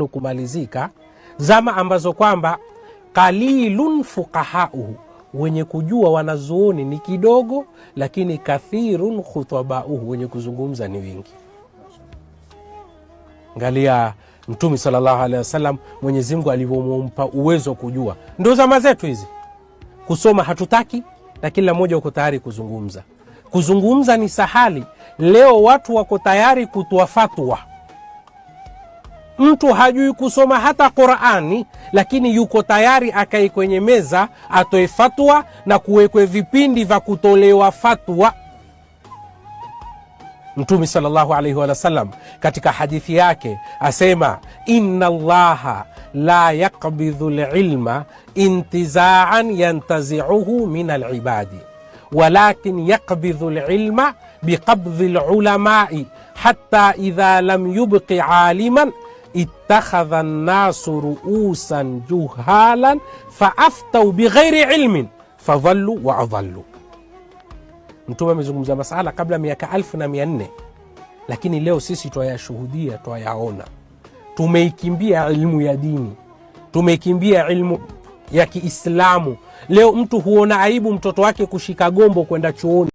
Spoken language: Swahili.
yenu kumalizika, zama ambazo kwamba kalilun fuqahauhu, wenye kujua wanazuoni ni kidogo, lakini kathirun khutabauhu, wenye kuzungumza ni wingi. ngalia Mtume sallallahu alaihi wasallam, Mwenyezi Mungu alivyompa uwezo wa kujua. Ndo zama zetu hizi, kusoma hatutaki na kila mmoja uko tayari kuzungumza. Kuzungumza ni sahali leo, watu wako tayari kutoa fatwa Mtu hajui kusoma hata Qurani, lakini yuko tayari akae kwenye meza atoe fatwa na kuwekwe vipindi vya kutolewa fatwa. Mtume sallallahu alaihi sallam katika hadithi yake asema, inna allaha la yakbidhu lilma intizaan yantaziuhu min alibadi walakin yakbidhu lilma biqabdhi lulamai hatta idha lam yubqi aliman ittakhadha nnasu ruusan juhalan faaftau bighairi ilmin fadhallu wa adhallu. Mtume amezungumza masala kabla miaka alfu na mia nne lakini leo sisi twayashuhudia, twayaona. Tumeikimbia ilmu ya dini, tumeikimbia ilmu ya Kiislamu. Leo mtu huona aibu mtoto wake kushika gombo kwenda chuoni.